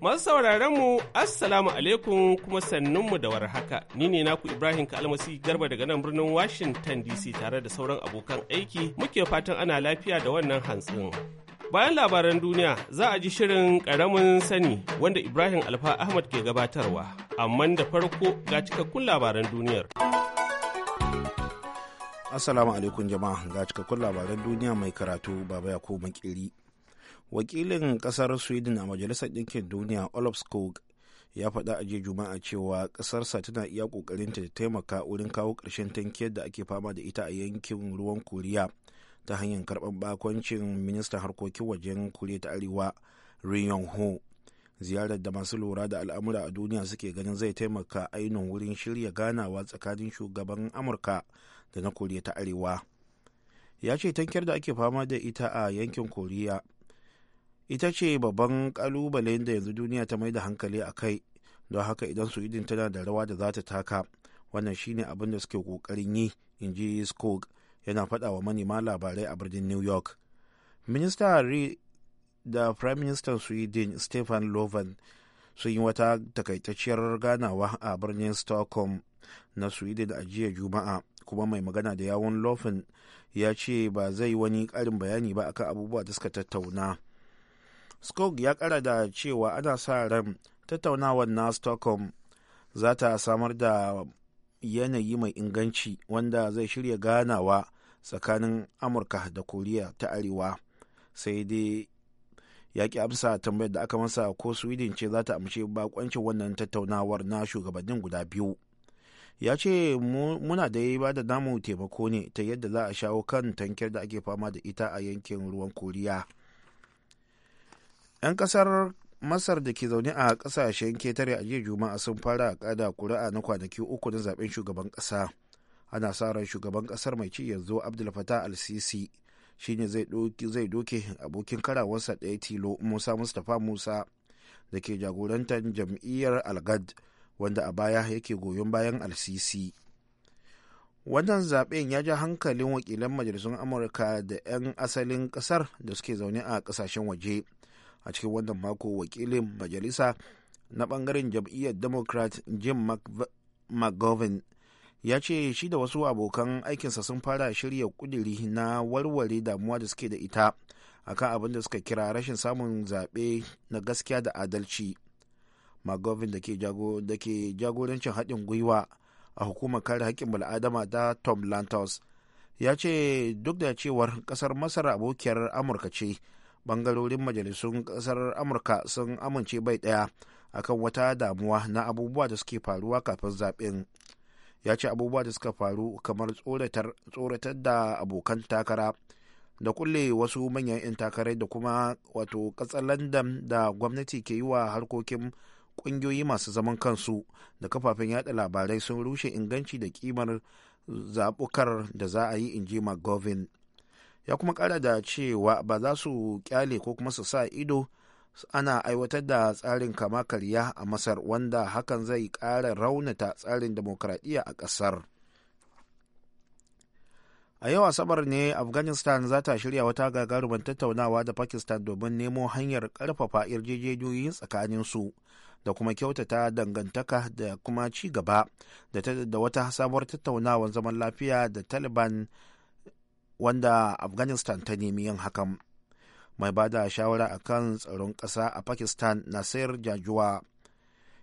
Masu sauraron mu Assalamu alaikum kuma mu da warhaka. Ni ne naku Ibrahim Kalmasi Garba daga nan birnin Washington DC tare da sauran abokan aiki muke fatan ana lafiya da wannan hantsin. Bayan labaran duniya za a ji shirin karamin sani wanda Ibrahim Alfa Ahmad ke gabatarwa, amma da farko ga cikakkun labaran duniyar. Assalamu alaikum jama'a ga cikakkun labaran duniya mai karatu Baba ya Yakubu Makiri. wakilin kasar sweden a majalisar ɗinkin duniya olaf skog ya faɗa a jiya juma'a cewa ƙasarsa tana iya ta da taimaka wurin kawo karshen tankiyar da ake fama da ita a yankin ruwan koriya ta hanyar karɓar bakoncin ministan harkokin wajen koriya ta arewa ri yong ho ziyarar da masu lura da al'amura a duniya suke ganin zai taimaka ainihin wurin shirya ganawa tsakanin shugaban amurka da na koriya ta arewa ya ce tankiyar da ake fama da ita a yankin koriya ita ce babban kalubalen da yanzu duniya ta mai da hankali a kai don haka idan sweden tana da rawa da za ta taka wannan shine abin da suke kokarin yi in ji skog yana faɗa wa manema labarai a birnin new york minista ri da prime minister sweden stefan loven sun yi wata takaitacciyar ganawa a birnin stockholm na sweden a jiya juma'a kuma mai magana da yawon löfven ya ce ba zai wani ƙarin bayani ba akan abubuwa da suka tattauna. skog ya kara da cewa ana sa ran tattaunawar na stockholm za ta samar da yanayi mai inganci wanda zai shirya ganawa tsakanin amurka da koriya ta arewa sai dai ya ki amsa tambayar da aka masa ko sweden ce za ta amshe bakoncin wannan tattaunawar na shugabannin guda biyu ya ce muna da ya ba da namu taimako ne ta yadda za a shawo kan tankiyar da ake fama da ita a yankin ruwan koriya 'yan kasar masar da ke zaune a kasashen ketare a jiya juma'a sun fara kada kuri'a na kwanaki uku na zaben shugaban kasa ana sa ran shugaban kasar mai ci yanzu abdul fatah al-sisi shine zai doke abokin karawansa ɗaya tilo musa mustapha musa da ke jagorantar jam'iyyar algad wanda a baya yake goyon bayan al-sisi wannan zaben ya ja hankalin wakilan majalisun amurka da 'yan asalin kasar da suke zaune a kasashen waje. a cikin wannan mako wakilin majalisa na bangaren jam'iyyar democrat jim mcgovern ya ce shi da wasu abokan aikinsa sun fara shirya kuduri na warware damuwa da suke da ita akan abin da suka kira rashin samun zaɓe na gaskiya da adalci mcgovern da ke jagorancin haɗin gwiwa a hukumar kare haƙƙin bal'adama ta tom lantos ya ce duk da cewar ƙasar masar abokiyar amurka ce bangarorin majalisun kasar amurka sun amince bai daya akan wata damuwa na abubuwa da suke faruwa kafin zaben ya ce abubuwa da suka faru kamar tsoratar da abokan takara da kulle wasu manyan 'yan takarai da kuma wato kasar da gwamnati ke yi wa harkokin kungiyoyi masu zaman kansu da kafafen yada labarai sun rushe inganci da kimar zabukar da za a yi in ji mcgovern ya kuma kara da cewa ba za su kyale ko kuma su sa ido ana aiwatar da tsarin kama karya a masar wanda hakan zai kara raunata tsarin demokradiyya a kasar a yau asabar ne afghanistan za ta shirya wata gagarumin tattaunawa da pakistan domin nemo hanyar karfafa tsakanin su da kuma kyautata dangantaka da kuma ci gaba da, da wata sabuwar tattaunawar zaman lafiya da taliban wanda afghanistan ta nemi yin hakan mai bada shawara a kan tsaron ƙasa a pakistan na nasir jajuwa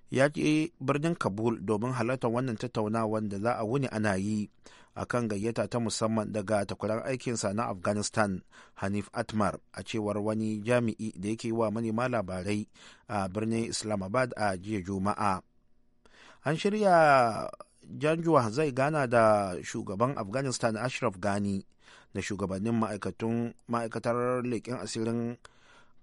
ya ke birnin kabul domin halarta wannan tattaunawar da za a wuni ana yi a kan gayyata ta musamman daga takwarar aikinsa na afghanistan hanif atmar a cewar wani jami'i da yake wa manema labarai a birnin islamabad a jiya juma'a an shirya janjuwa zai gana da shugaban afghanistan ashraf ghani da shugabannin ma'aikatar leƙen asirin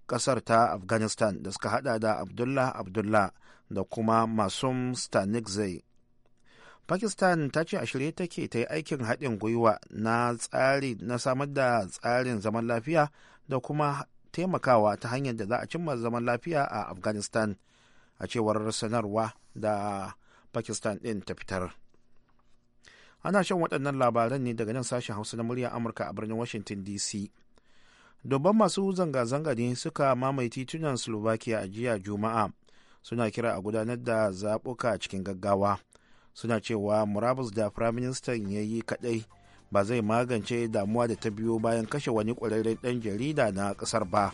ƙasar ta afghanistan da suka hada da abdullah abdullah da kuma masum zai pakistan ta ce a shirye take ta yi aikin haɗin gwiwa na tsari na samar da tsarin zaman lafiya da kuma taimakawa ta hanyar da za a cimma zaman lafiya a afghanistan a cewar sanarwa da pakistan ɗin ta fitar. ana shan waɗannan labaran ne daga nan sashen hausa na murya amurka a birnin washington dc dubban masu zanga-zanga ne suka mamaye titunan slovakia a jiya juma'a suna kira a gudanar da zaɓuka cikin gaggawa suna cewa murabus da firaministan ya yi kaɗai ba zai magance damuwa da ta biyo bayan kashe wani ƙwararren ɗan jarida na ƙasar ba.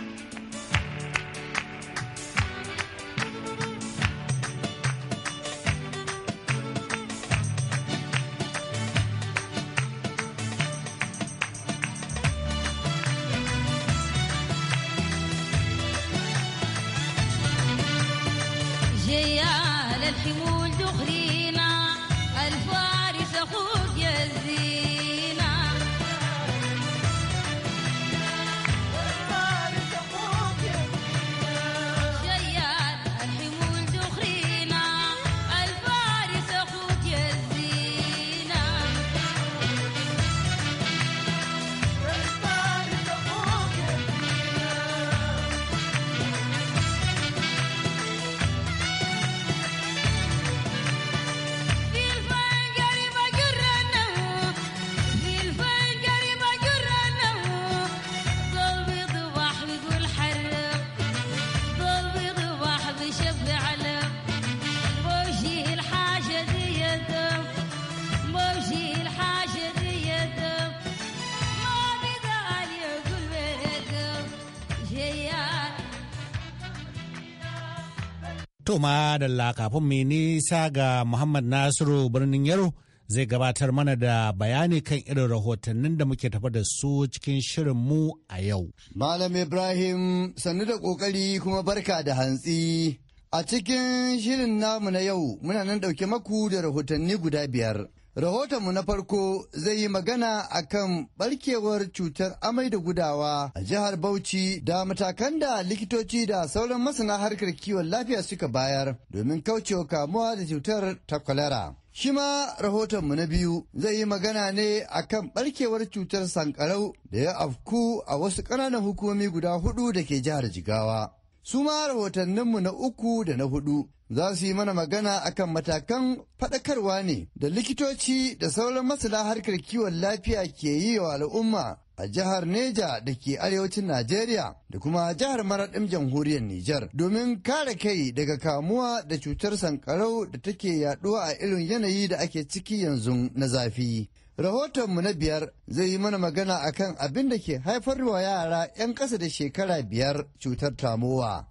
To ma da kafin mai nisa ga Muhammad Nasiru birnin Yaro zai gabatar mana da bayani kan irin rahotannin da muke tafa da su cikin shirin mu a yau. Malam Ibrahim sannu da kokari kuma barka da hantsi. A cikin shirin namu na yau muna nan ɗauke maku da rahotanni guda biyar. Rahotonmu na farko zai yi magana a kan barkewar cutar amai da gudawa a jihar Bauchi da matakan da likitoci da sauran masana harkar kiwon lafiya suka bayar domin kaucewa kamuwa da cutar ta kwalara. Shi ma rahotonmu na biyu zai yi magana ne a kan barkewar cutar sankarau da ya afku a wasu ƙananan hukumomi guda hudu da ke jihar Jigawa. Su ma rahotanninmu na uku da na hudu za su yi mana magana akan matakan faɗakarwa ne da likitoci da sauran masana harkar kiwon lafiya ke yi wa al'umma a jihar Neja da ke arewacin Najeriya da kuma jihar Maraɗin jamhuriyar Nijar domin kare kai daga kamuwa da cutar sankarau da take yaduwa a irin yanayi da ake ciki yanzu na zafi. Rahotonmu na biyar zai yi mana magana akan abin da ke haifar wa yara 'yan ƙasa da shekara biyar cutar tamowa.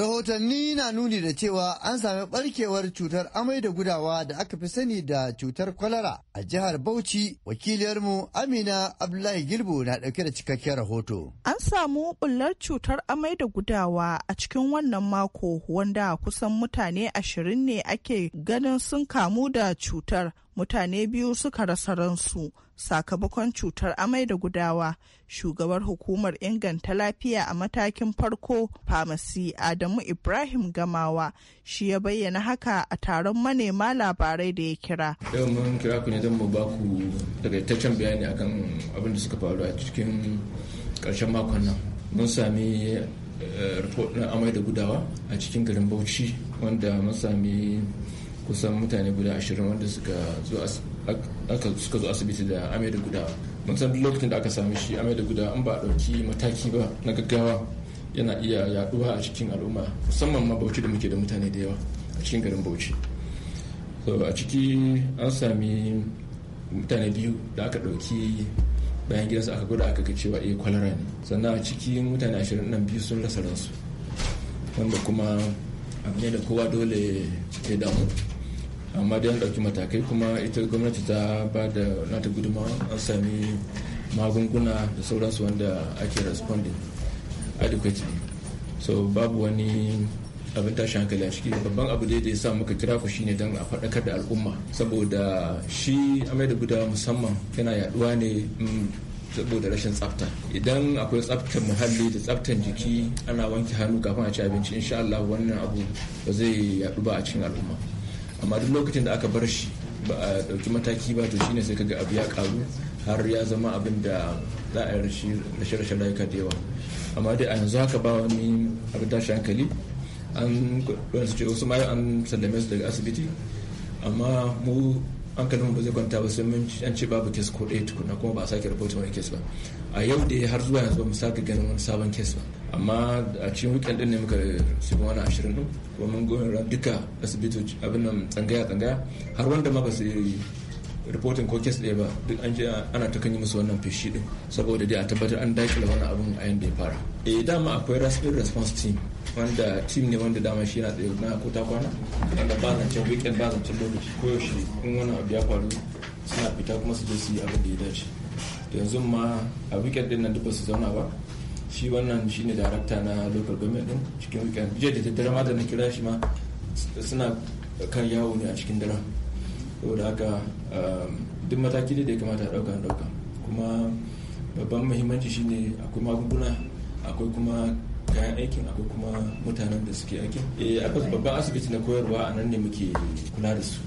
Rahotanni na nuni da cewa an sami barkewar cutar amai da gudawa da aka fi sani da cutar kwalara a jihar Bauchi. Wakiliyarmu Amina Abdullahi Gilbo na ɗauke da cikakken rahoto. An samu bullar cutar amai da gudawa a cikin wannan mako wanda kusan mutane ashirin ne ake ganin sun kamu da cutar mutane biyu suka rasa ransu sakamakon cutar amai da gudawa shugabar hukumar inganta lafiya a matakin farko famasi adamu ibrahim gamawa shi ya bayyana haka a taron manema labarai da ya kira yau mun kira ku ne don mu ba ku takaitaccen bayani akan abin da suka faru a cikin karshen makon nan mun sami eh, report na amai da gudawa a cikin garin bauchi wanda mun sami kusan mutane guda ashirin wanda suka zo asibiti da amai da guda mun san duk lokacin da aka sami shi amai da guda an ba a ɗauki mataki ba na gaggawa yana iya yaduwa a cikin al'umma musamman ma bauchi da muke da mutane da yawa a cikin garin bauchi so a ciki an sami mutane biyu da aka ɗauki bayan gidansu aka gwada aka ga cewa iya eh, kwalara ne sannan a cikin mutane ashirin nan biyu sun rasa ransu wanda kuma abu ne da kowa dole ya damu amma dai an ɗauki matakai kuma ita gwamnati ta ba da nata gudunmawa an sami magunguna da sauransu wanda ake responding adequately so babu wani abin tashi hankali a ciki babban abu da ya sa muka kira ku shine don a faɗakar da al'umma saboda shi amai da gudawa musamman yana yaduwa ne mm, saboda rashin tsafta idan akwai tsaftar muhalli da tsaftar jiki ana wanke hannu kafin a ci abinci insha Allah wannan abu ba zai yadu ba a cikin al'umma amma duk lokacin da aka bar shi ba a ɗauki mataki ba to shine sai kaga abu ya karu har ya zama abin da za a yi rashe-rashe rayuka da yawa amma dai a yanzu haka ba wani abin tashi hankali an su ce wasu mayu an sallame su daga asibiti amma mu an mu ba zai kwanta ba sai mun an ce babu kes ko ɗaya tukuna kuma ba a sake rahoton wani kes ba a yau dai har zuwa yanzu ba mu sake ganin wani sabon kes ba amma a cikin weekend din ne muka shiga wani ashirin din kuma mun goyon duka asibitoci abin nan tsangaya tsangaya har wanda ma ba su reporting ko case ɗaya ba duk an je ana ta kan yi musu wannan feshi din saboda dai a tabbatar an dakile wani abin a yanda ya fara eh dama akwai rapid response team wanda team ne wanda dama shi yana tsaye na ko ta kwana wanda ba zancen weekend ba zancen lokaci ko yaushe in wani abu ya faru suna fita kuma su je su yi abin da ya dace yanzu ma a weekend din nan duk ba su zauna ba shi wannan shi shine darakta na local government din cikin weekend jiya da daddare ma da na kira shi ma suna kan yawo ne a cikin dara saboda haka um, duk mataki da ya kamata a dauka dauka kuma babban muhimmanci shi ne akwai magunguna akwai kuma kayan aikin akwai kuma mutanen da suke aikin eh akwai babban asibiti na koyarwa a nan ne muke kula da su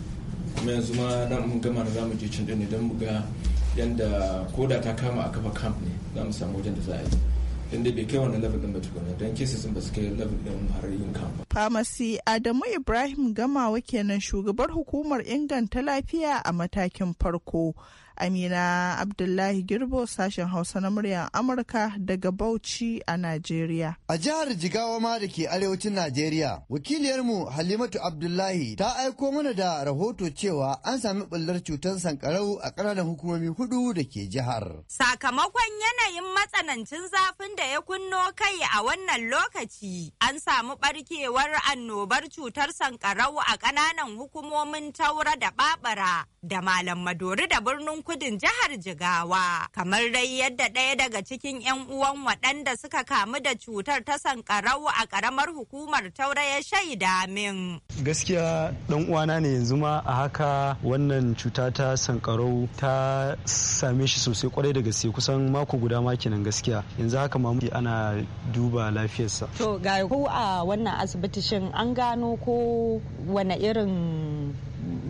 kuma yanzu ma na mun gama na zamu je cin din don mu ga yanda koda ta kama a kafa camp ne za mu samu wajen da za a yi inda bai kai wannan level din ba tukuna don cases ba su kai level din har yin kama. Pharmacy Adamu Ibrahim Gamawa kenan shugabar hukumar inganta lafiya a matakin farko. Amina Abdullahi Girbo sashen Hausa na muryar Amurka daga Bauchi a Najeriya. A jihar Jigawa ma da ke arewacin Najeriya, wakiliyarmu Halimatu Abdullahi ta aiko mana da rahoto cewa an sami ɓullar cutar sankarau a ƙananan hukumomi hudu da ke jihar. Sakamakon yanayin matsanancin zafin da ya kunno kai a wannan lokaci, an samu ɓarkewar annobar cutar sankarau a ƙananan hukumomin Taura da Ɓabara da Malam Madori da birnin kudin jihar Jigawa. Kamar dai yadda ɗaya daga cikin 'yan uwan waɗanda suka kamu da cutar ta sankarau a ƙaramar hukumar taura ya shaida min. Gaskiya ɗan uwana ne yanzu ma a haka wannan cuta ta sankarau ta same shi sosai kwarai da gaske kusan mako guda ma gaskiya yanzu haka ma ana duba lafiyarsa. To ga ko a wannan asibiti shin an gano ko wane irin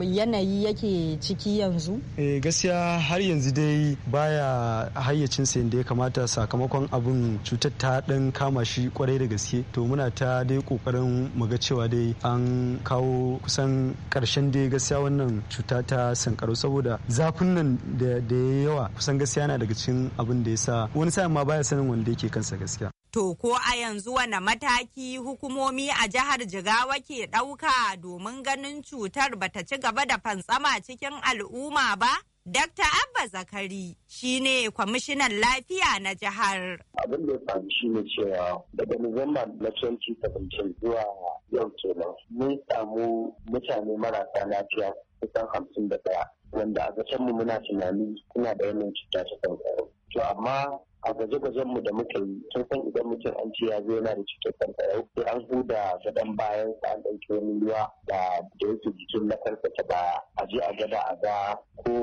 yanayi yake ciki yanzu? Eh gaskiya har yanzu dai baya hayyacin sayan da ya kamata sakamakon abin cutar ta dan kama shi kwarai da gaske to muna ta dai kokarin mu ga cewa dai an kawo kusan karshen dai gaskiya wannan cuta ta sankaro saboda zafin nan da yawa kusan gaskiya yana daga cikin abin da ya sa wani sa'in ma baya sanin wanda yake kansa gaskiya. To ko a yanzu wane mataki hukumomi a jihar Jigawa ke ɗauka domin ganin cutar bata ci gaba da fantsama cikin al'umma ba? Dr. Abba Zakari shi ne kwamishinan lafiya na jihar. Abin da ya faru shi ne cewa daga Nuwamba na 2017 zuwa yau kenan mun samu mutane marasa lafiya kusan hamsin da ɗaya wanda a mu muna tunani suna da yanayin cuta ta kankaro. To amma a gwaje-gwajen mu da muke yi sun san idan mutum an ce ya zo yana da cutar kankarau sai an huda kaɗan bayan sa an ɗauki wani ruwa da da yake jikin na kansa ta baya a je a gada a ga ko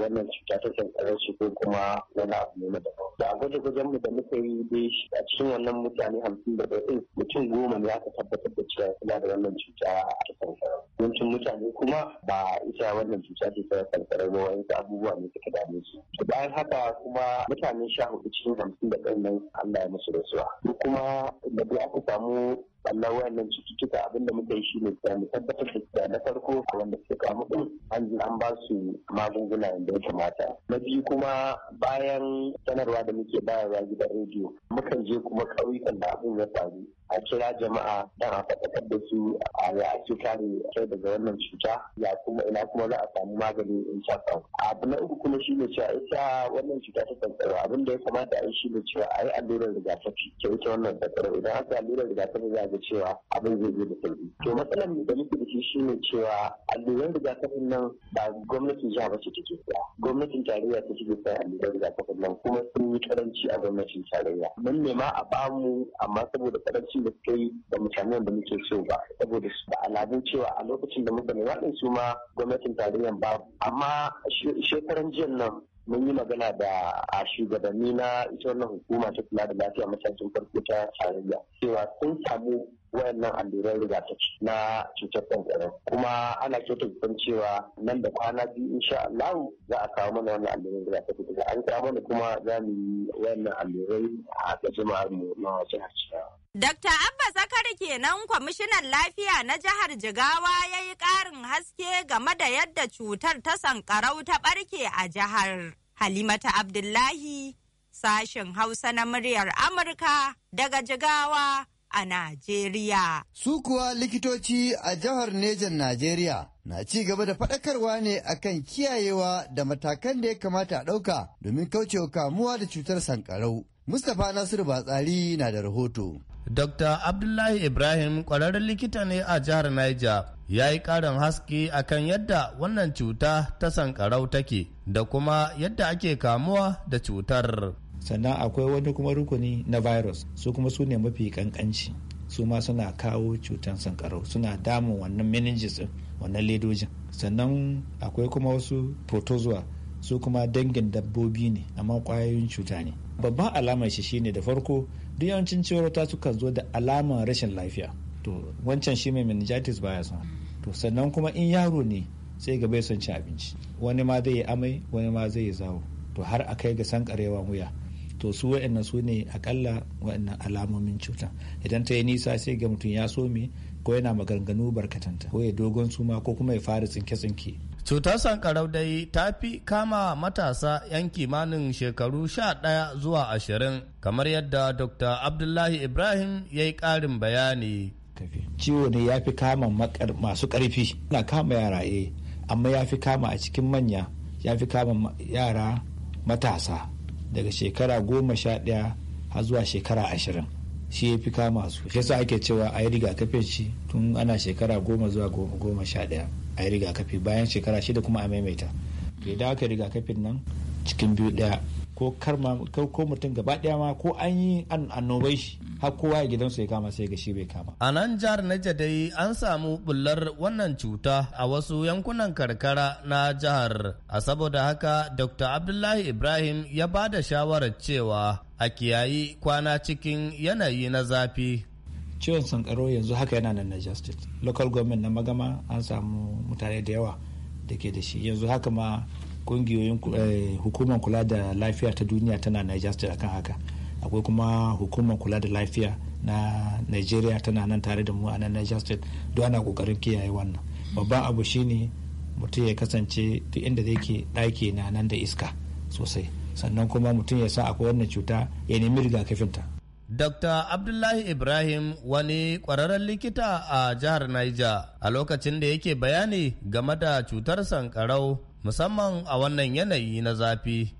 wannan cuta ta kankarar shi ko kuma wani abu ne da da gwaje gwajen mu da muka yi dai a cikin wannan mutane hamsin da ɗaya mutum goma ne aka tabbatar da cewa suna da wannan cuta ta kankarar yawancin mutane kuma ba ita wannan cuta ce ta kankarar ba wani abubuwa ne suka dame su to bayan haka kuma mutane sha hudu cikin hamsin da ɗaya nan Allah ya musu rasuwa kuma da aka samu sannan wayannan cututtuka abinda muka yi shi ne mu tabbatar da cewa na farko wanda suka kamu din an je an ba su magunguna yadda ya kamata na biyu kuma bayan sanarwa da muke bayarwa gidan rediyo mukan je kuma ƙauyukan da abin ya faru a kira jama'a don a faɗaɗar da su a ya ake kare kai daga wannan cuta ya kuma ina kuma za a samu magani in sha abu na uku kuma shine cewa ita wannan cuta ta sankarau abin da ya kamata a yi shine cewa a yi allurar rigakafi ta ita wannan sankarau idan aka allurar rigakafi za ga cewa abin zai zo da sauƙi to matsalar da muke da shi shine cewa alluran rigakafin nan ba gwamnatin jiha ba ce take siya gwamnatin tarayya ta take saya allurar rigakafin nan kuma sun yi karanci a gwamnatin tarayya mun nema a bamu amma saboda karanci lokacin da suka yi da mutanen da muke so ba saboda su da alamun cewa a lokacin da muka nema din su ma gwamnatin tarayyan ba amma shekaran jiyan nan mun yi magana da a shugabanni na ita wannan hukuma ta kula da lafiya matakin farko ta tarayya cewa sun samu wayannan alluran rigakafi na cutar sankarau kuma ana kyautata cewa nan da kwana biyu insha Allah za a kawo mana wannan alluran rigakafi daga an kawo mana kuma za mu yi wayannan allurai a gajimar mu na wajen Jigawa. Dr. Abba Zakari kenan kwamishinan lafiya na jihar Jigawa ya yi ƙarin haske game da yadda cutar ta sankarau ta ɓarke a jihar. Halimata Abdullahi, sashen Hausa na muryar Amurka daga Jigawa a Najeriya. Su kuwa likitoci a jihar Nejan Najeriya na ci gaba da faɗakarwa ne akan kiyayewa da matakan da ya kamata a ɗauka domin kaucewa kamuwa da cutar sankarau. Mustapha Nasiru Batsari na da rahoto. Dr. Abdullahi Ibrahim ƙwararren likita ne a jihar Niger ya yi ƙarin haske akan yadda wannan cuta ta sankarau take da kuma yadda ake kamuwa da cutar. sannan akwai wani kuma rukuni na virus su kuma su ne mafi kankanci su ma suna kawo cutan sankarau suna damun wannan meninges wannan ledojin sannan akwai kuma wasu protozoa su kuma dangin dabbobi ne amma kwayoyin cuta ne babban alamar shi shine da farko duk yawancin ciwarota suka zo da alamar rashin lafiya to wancan shi mai meningitis baya son to sannan kuma in yaro ne sai gaba bai son ci abinci wani ma zai yi amai wani ma zai yi zawo to har a kai ga sankarewan wuya to su wa'annan su ne akalla wa'annan alamomin cuta idan ta yi nisa sai ga mutum ya some ko yana maganganu barkatanta ko ya dogon suma ko kuma ya fara tsinke-tsinke cutar sankarau dai ta fi kama matasa 'yan kimanin shekaru sha ɗaya zuwa ashirin kamar yadda dr abdullahi ibrahim ya yi ƙarin bayani ciwo ne ya fi kama masu karfi na kama yara eh, amma ya fi kama a cikin manya ya fi kama yara matasa daga shekara goma sha ɗaya har zuwa shekara ashirin shi ya fi kama su shi yasa ake cewa a yi rigakafin shi tun ana shekara goma zuwa goma sha ɗaya a yi rigakafi bayan shekara shida kuma a maimaita to idan aka rigakafin nan cikin biyu ɗaya ko ko mutum gaba daya ma ko an yi annobai shi har kowa ya gidansu ya kama sai ga bai kama a nan jihar Niger dai an samu bullar wannan cuta a wasu yankunan karkara na jihar a saboda haka Dr. Abdullahi Ibrahim ya ba da shawarar cewa a kiyayi kwana cikin yanayi na zafi ciwon sankaro yanzu haka yana nan Niger state local government na magama an samu mutane da yawa da ke da shi yanzu haka ma kungiyoyin eh, hukumar kula da lafiya ta duniya tana niger state akan haka akwai kuma hukumar kula da lafiya na nigeria tana nan tare da mu a nan niger state duk ana kokarin kiyaye wannan babban abu shine mutum ya kasance duk inda zai ke ɗaki na nan da iska sosai sannan kuma mutum ya sa akwai wannan cuta ya nemi ta Dr. Abdullahi Ibrahim wani kwararren likita a jihar Niger a lokacin da yake bayani game da cutar sankarau musamman a wannan yanayi na zafi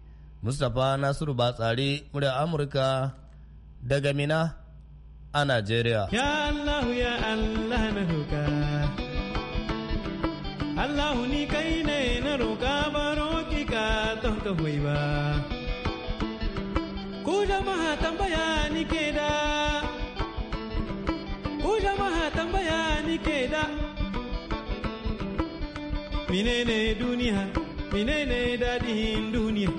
mustapha nasiru batsari murya amurka daga mina a najeriya ya allahu ya allah na roka allahu ni kai ne na roka baro ki ka ton ka hoyi ba ku jama'a tambaya ni ke da ku jama'a tambaya ni ke da menene duniya menene dadihin duniya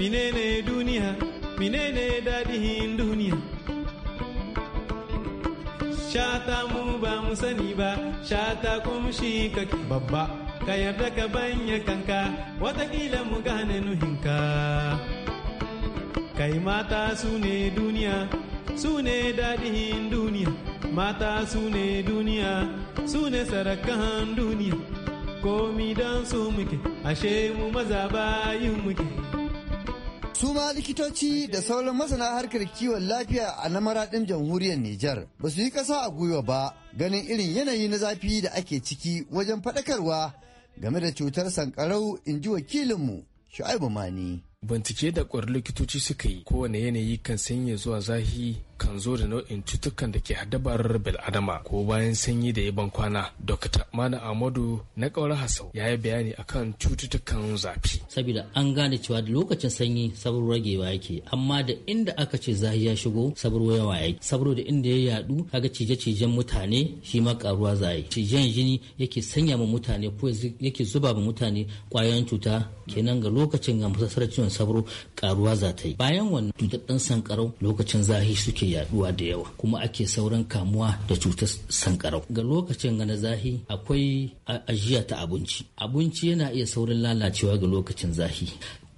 menene duniya menene dadihin duniya shata mu ba mu sani ba shata kuma shi kake babba ka yarda ka banya kanka watakila mu gane nuhinka kai mata su ne duniya su ne dadihin duniya mata su ne duniya su ne sarakan duniya komi don su muke ashe mu maza bayin muke su ma likitoci da sauran masana harkar kiwon lafiya a na maradin jamhuriyar Nijar ba su yi ƙasa a gwiwa ba ganin irin yanayi na zafi da ake ciki wajen faɗakarwa game da cutar sankarau in ji wakilinmu Shu'aibu Mani. Bincike da ƙwar likitoci suka yi kowane yanayi kan sanya zuwa zahi kan zo da nau'in cutukan da ke haddabar bil'adama ko bayan sanyi da ban kwana dokta mana amadu na ƙaurar hasau ya yi bayani akan cututtukan zafi saboda an gane cewa da lokacin sanyi sabon ragewa yake amma da inda aka ce za ya shigo sabon yawa yake sabro da inda ya yadu kaga cije-cijen mutane shi ma karuwa zai cijen jini yake sanya ma mutane ko yake zuba ma mutane kwayoyin cuta kenan ga lokacin ga masasar ciwon sabro karuwa za ta yi bayan wannan cutar dan sankarau lokacin zafi suke yaduwa da yawa kuma ake sauran kamuwa da cutar sankarau ga lokacin ga na zahi akwai ajiya ta abinci abinci yana iya saurin lalacewa ga lokacin zahi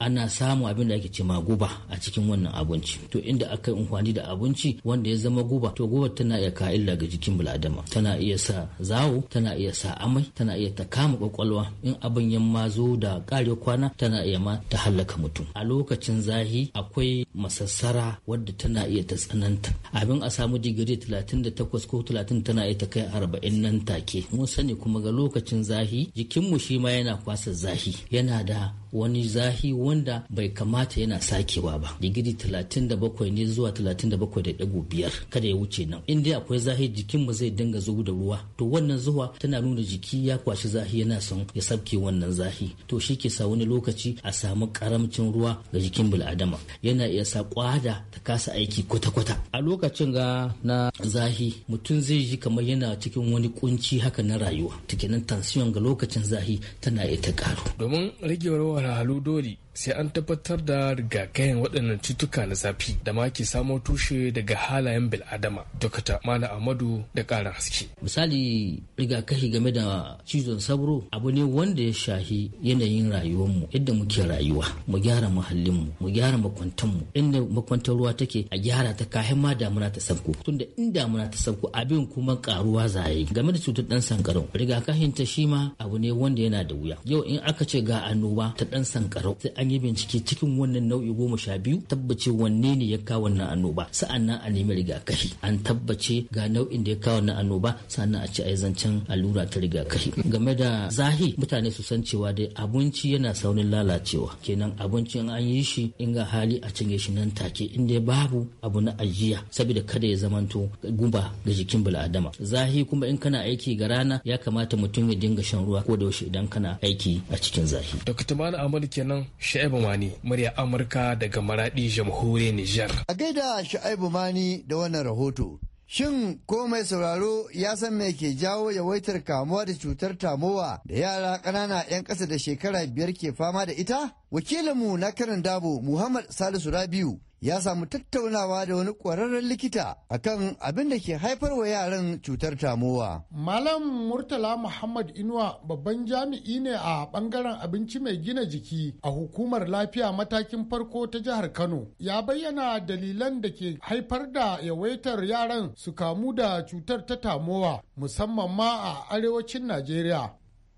ana samun abin da ake ce ma guba a cikin wannan abinci to inda aka yi amfani da abinci wanda ya zama guba to guba tana iya ka illa ga jikin bil'adama tana iya sa zawo tana iya sa amai tana iya ta kama kwakwalwa in abin ya ma zo da kare kwana tana iya ma ta hallaka mutum a lokacin zahi akwai masassara wadda tana iya ta tsananta abin a samu digiri 38 ko 30 tana iya ta kai 40 nan take mun sani kuma ga lokacin zahi jikinmu shi ma yana kwasa zahi yana da wani zahi wanda bai kamata yana sakewa ba digiri 37 ne zuwa 37.5 kada ya wuce nan in dai akwai zahi jikin mu zai dinga zubu da ruwa to wannan zuwa tana nuna jiki ya kwashi zahi yana son ya sabke wannan zahi to shi ke sa wani lokaci a samu karamcin ruwa ga jikin bil'adama yana iya sa kwada ta kasa aiki kwata-kwata a lokacin ga na zahi mutum zai ji kamar yana cikin wani kunci haka na rayuwa tukinan tansiyon ga lokacin zahi tana ita karu domin rage walhalu dori sai an tabbatar da rigakayin waɗannan cutuka na zafi da ma ke samo tushe daga halayen bil'adama dokta mala amadu da ƙarin haske misali rigakafi game da cizon sabro. abu ne wanda ya shahi yanayin rayuwarmu yadda muke rayuwa mu gyara muhallinmu mu gyara makwantanmu inda makwantar ruwa take a gyara ta kayan ma damuna ta sauko, tunda in damuna ta sauko abin kuma karuwa zaye game da cutar ɗan sankarau rigakafin ta shi abu ne wanda yana da wuya yau in aka ce ga annoba ta ɗan sankarau an yi bincike cikin wannan nau'i goma sha biyu tabbace wanne ne ya kawo wannan annoba sa'annan a nemi rigakafi an tabbace ga nau'in da ya kawo wannan annoba sa'annan a ci a zancen allura ta rigakafi game da zahi mutane su san cewa dai abinci yana saurin lalacewa kenan abinci in an yi shi in ga hali a cinye shi nan take in dai babu abu na ajiya saboda kada ya zamanto guba ga jikin bil'adama zahi kuma in kana aiki ga rana ya kamata mutum ya dinga shan ruwa ko da yaushe idan kana aiki a cikin zahi. Dr. kenan Sha'ibu Mani, murya Amurka daga Maradi, Jamhuriyar Nijar. A gaida Sha'ibu Mani da wannan rahoto. Shin ko mai sauraro ya san me ke jawo yawaitar kamuwa da cutar tamowa da yara ƙanana 'yan ƙasa da shekara biyar ke fama da ita? Wakilinmu na karin dabo Muhammad Salisu Rabiu ya samu tattaunawa da wani ƙwararren likita akan abin da ke haifar wa yaran cutar tamowa. Malam Murtala Muhammad Inuwa babban jami'i ne a ɓangaren abinci mai gina jiki a hukumar lafiya matakin farko ta jihar Kano. Ya bayyana dalilan da ke haifar da yawaitar yaran su kamu da cutar ta tamowa musamman ma a arewacin Najeriya.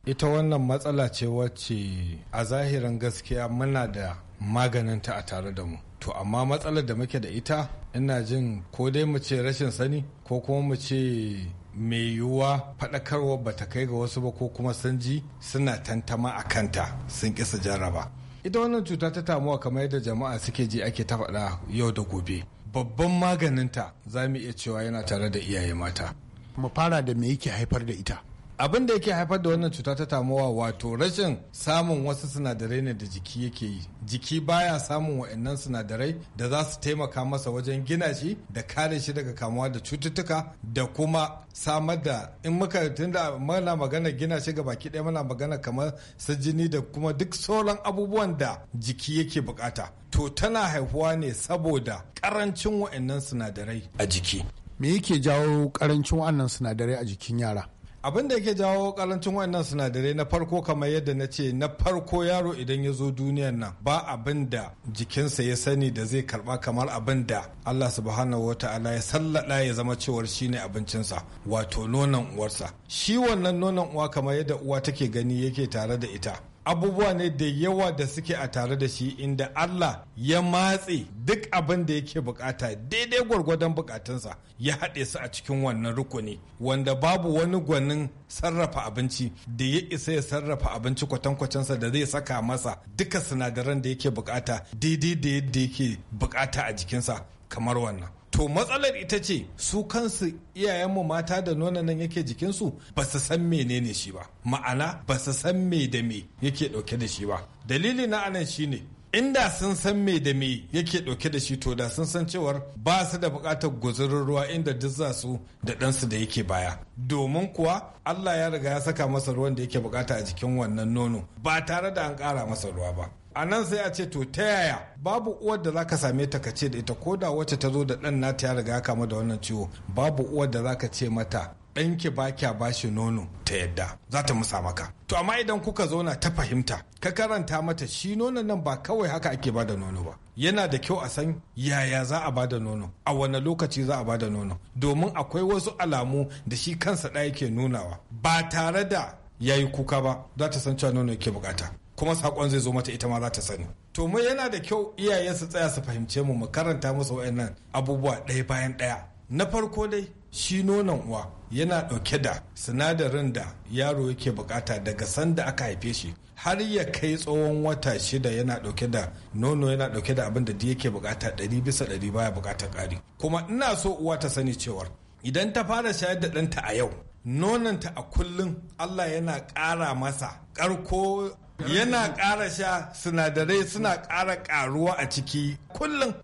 ita wannan matsala ce wacce a zahirin gaskiya muna da Maganin ta a tare da mu to amma matsalar da muke da ita ina jin ko dai mu ce rashin sani ko kuma mu ce mai yiwuwa faɗakarwa ba ta kai ga wasu ba ko kuma sun ji suna tantama a kanta sun kisa jaraba. ita wannan cuta ta tamuwa kamar yadda jama'a suke ji ake ta faɗa yau da gobe babban maganinta za mu iya cewa yana tare da iyaye mata mu fara da me yake haifar da ita abin da yake haifar da wannan cuta ta tamuwa wato rashin samun wasu sinadarai ne da jiki yake yi jiki baya samun wa'annan sinadarai da za su taimaka masa wajen gina shi da kare shi daga kamuwa da cututtuka da kuma samar da in muka tunda muna magana gina shi ga baki ɗaya muna magana kamar su jini da kuma duk sauran abubuwan da jiki yake bukata to tana haihuwa ne saboda karancin wa'annan sinadarai a jiki me yake jawo ƙarancin wannan sinadarai a jikin yara abin da yake jawo karancin wannan sinadarai na farko kamar yadda na ce na farko yaro idan ya zo duniyan nan ba abin da jikinsa ya sani da zai karba kamar abin da Allah subhanahu wata'ala ya sallada ya zama cewar shi ne abincinsa wato nonon uwarsa shi wannan nonon uwa kamar yadda uwa take gani yake tare da ita abubuwa ne da yawa da suke a tare da shi inda Allah ya matse duk abin da yake bukata daidai gwargwadon bukatunsa ya haɗe su a cikin wannan rukuni wanda babu wani gwanin sarrafa abinci da ya isa ya sarrafa abinci kwatankwacinsa da zai saka masa duka sinadaran da yake bukata daidai da yadda yake bukata a jikinsa kamar wannan to matsalar ita ce su kansu iyayenmu mata da nonon nan yake jikinsu ba su san menene shi ba ma'ana ba su san me da me yake dauke da shi ba dalili na anan shi ne inda sun san me da me yake dauke da shi to da sun san cewar ba su da bukatar guzurin ruwa inda duk za su da ɗansu da yake baya domin kuwa Allah ya riga ya saka masa ruwan da yake bukata a jikin wannan nono ba tare da an ƙara masa ruwa ba a nan sai a ce to ta yaya babu uwar da zaka same ta ka ce da ita ko da wacce ta zo da ɗan nata ya riga ya kama da wannan ciwo babu uwar da zaka ce mata ɗanki ba kya ba shi nono ta yadda za ta musa maka. To amma idan kuka zauna ta fahimta ka karanta mata shi nono nan ba kawai haka ake ba da nono ba. Yana da kyau a san yaya za a ba da nono, a wane lokaci za a ba da nono. Domin akwai wasu alamu da shi kansa ɗaya yake nunawa ba tare da yayi kuka ba za ta san cewa nono yake bukata. kuma sakon zai zo mata ita ma za ta sani to mu yana da kyau iyaye su tsaya su fahimce mu mu karanta musu wayannan abubuwa ɗaya bayan ɗaya na farko dai shi nonon uwa yana ɗauke da sinadarin da yaro yake bukata daga sanda aka haife shi har ya kai tsawon wata shida yana ɗauke da nono yana ɗauke da abin da yake bukata ɗari bisa ɗari baya bukatar ƙari kuma ina so uwa ta sani cewar idan ta fara shayar da ɗanta a yau nonanta a kullum Allah yana ƙara masa ƙarko yana ƙara sha sinadarai suna ƙara ƙaruwa a ciki kullum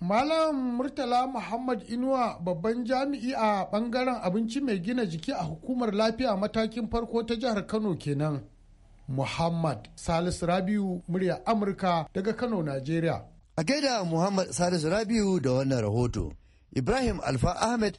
Malam Murtala Muhammad Inuwa babban jami'i a ɓangaren abinci mai gina jiki a hukumar lafiya matakin farko ta jihar Kano kenan. Muhammad salis Rabiu murya Amurka daga Kano, Najeriya. A gaida Muhammad Salisu Rabiu da wannan rahoto, Ibrahim Alfa Ahmed